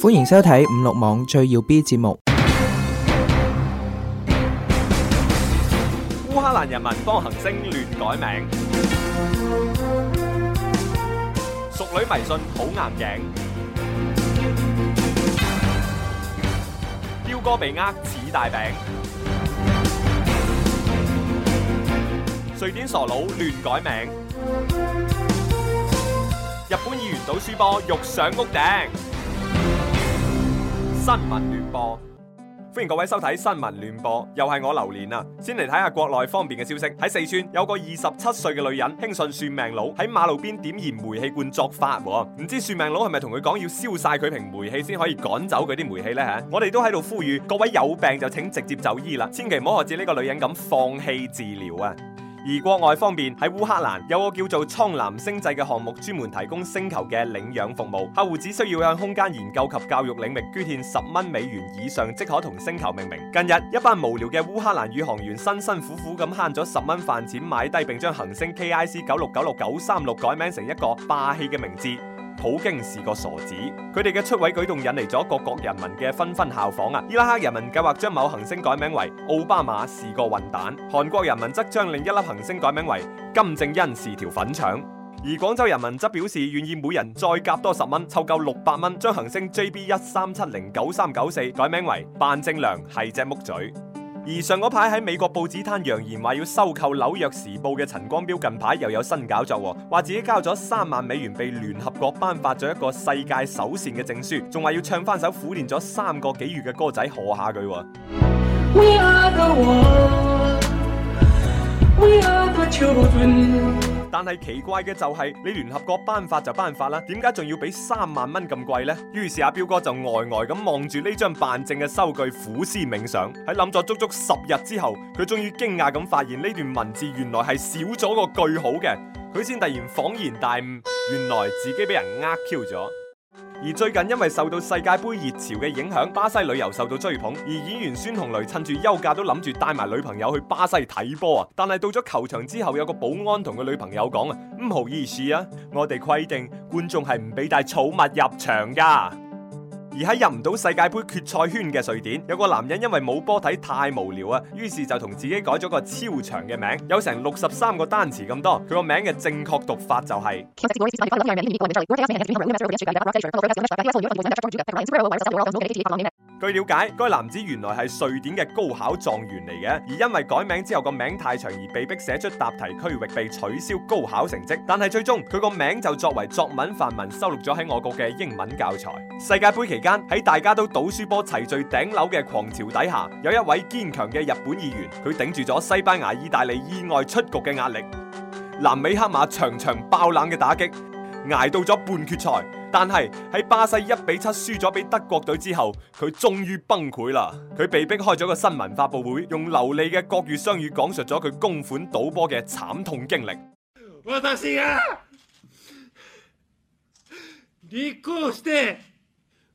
歡迎收睇五六網最耀 B 節目，烏克蘭人民方行星，亂改名，熟女迷信好硬頸，雕哥被呃似大餅，瑞典傻佬 普鴨穎。丟哥被握, 亂改名，日本議員賭輸波欲上屋頂，新聞亂播，歡迎各位收睇新聞亂播，又係我榴蓮啊！先嚟睇下國內方面嘅消息。喺四川有個二十七歲嘅女人輕信算命佬喺馬路邊點燃煤氣罐作法，唔知算命佬係咪同佢講要燒晒佢瓶煤氣先可以趕走佢啲煤氣呢？吓？我哋都喺度呼籲各位有病就請直接就醫啦，千祈唔好學似呢個女人咁放棄治療啊！而國外方面喺烏克蘭有個叫做蒼藍星際嘅項目，專門提供星球嘅領養服務。客戶只需要向空間研究及教育領域捐獻十蚊美元以上，即可同星球命名。近日，一班無聊嘅烏克蘭宇航員辛辛苦苦咁慳咗十蚊飯錢買低並將行星 KIC 九六九六九三六改名成一個霸氣嘅名字，普京是個傻子，佢哋嘅出位舉動引嚟咗各國人民嘅紛紛效仿啊！伊拉克人民計劃將某行星改名為奧巴馬是個混蛋，韓國人民則將另一粒行星改名為金正恩是條粉腸，而廣州人民則表示願意每人再夾多十蚊，湊夠六百蚊將行星 J B 一三七零九三九四改名為萬正良係隻木嘴。而上嗰排喺美國報紙攤揚言話要收購《紐約時報》嘅陳光標，近排又有新搞作，話自己交咗三萬美元被聯合國頒發咗一個世界首善嘅證書，仲話要唱翻首苦練咗三個幾月嘅歌仔賀下佢。We are the one, we are the 但係奇怪嘅就係，你聯合國頒發就頒發啦，點解仲要俾三萬蚊咁貴呢？於是阿彪哥就呆呆咁望住呢張辦證嘅收據，苦思冥想。喺諗咗足足十日之後，佢終於驚訝咁發現呢段文字原來係少咗個句號嘅，佢先突然恍然大悟，原來自己俾人呃 Q 咗。而最近因為受到世界杯熱潮嘅影響，巴西旅遊受到追捧。而演員孫紅雷趁住休假，都諗住帶埋女朋友去巴西睇波啊！但係到咗球場之後，有個保安同佢女朋友講啊，唔好意思啊，我哋規定觀眾係唔俾帶寵物入場㗎。而喺入唔到世界盃決賽圈嘅瑞典，有個男人因為冇波睇太無聊啊，於是就同自己改咗個超長嘅名，有成六十三個單詞咁多。佢個名嘅正確讀法就係、是。 據了解，該男子原來係瑞典嘅高考狀元嚟嘅，而因為改名之後個名太長而被迫寫出答題區域，被取消高考成績，但係最終佢個名就作為作文範文收錄咗喺我國嘅英文教材。世界盃期間喺大家都賭輸波齊聚頂樓嘅狂潮底下，有一位堅強嘅日本議員，佢頂住咗西班牙、意大利意外出局嘅壓力，南美黑馬場場爆冷嘅打擊，捱到咗半決賽，但係喺巴西一比七輸咗俾德國隊之後，佢終於崩潰啦！佢被逼開咗個新聞發佈會，用流利嘅國語雙語講述咗佢公款賭波嘅慘痛經歷。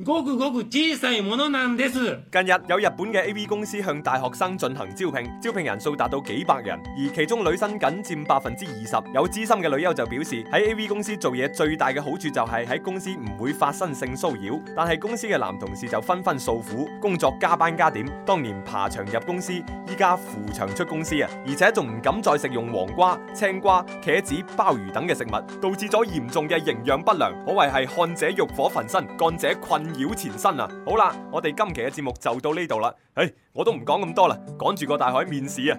近日有日本嘅 AV 公司向大學生進行招聘，招聘人數達到幾百人，而其中女生僅占百分之二十。有資深嘅女優就表示，喺 AV 公司做嘢最大嘅好處就係喺公司唔會發生性騷擾，但係公司嘅男同事就紛紛訴苦，工作加班加點，當年爬牆入公司，依家扶牆出公司啊！而且仲唔敢再食用黃瓜、青瓜、茄子、鮑魚等嘅食物，導致咗嚴重嘅營養不良，可謂係看者慾火焚身，幹者困。妖，前身啊！好啦，我哋今期嘅節目就到呢度啦。唉、哎，我都唔講咁多啦，趕住過大海面試啊！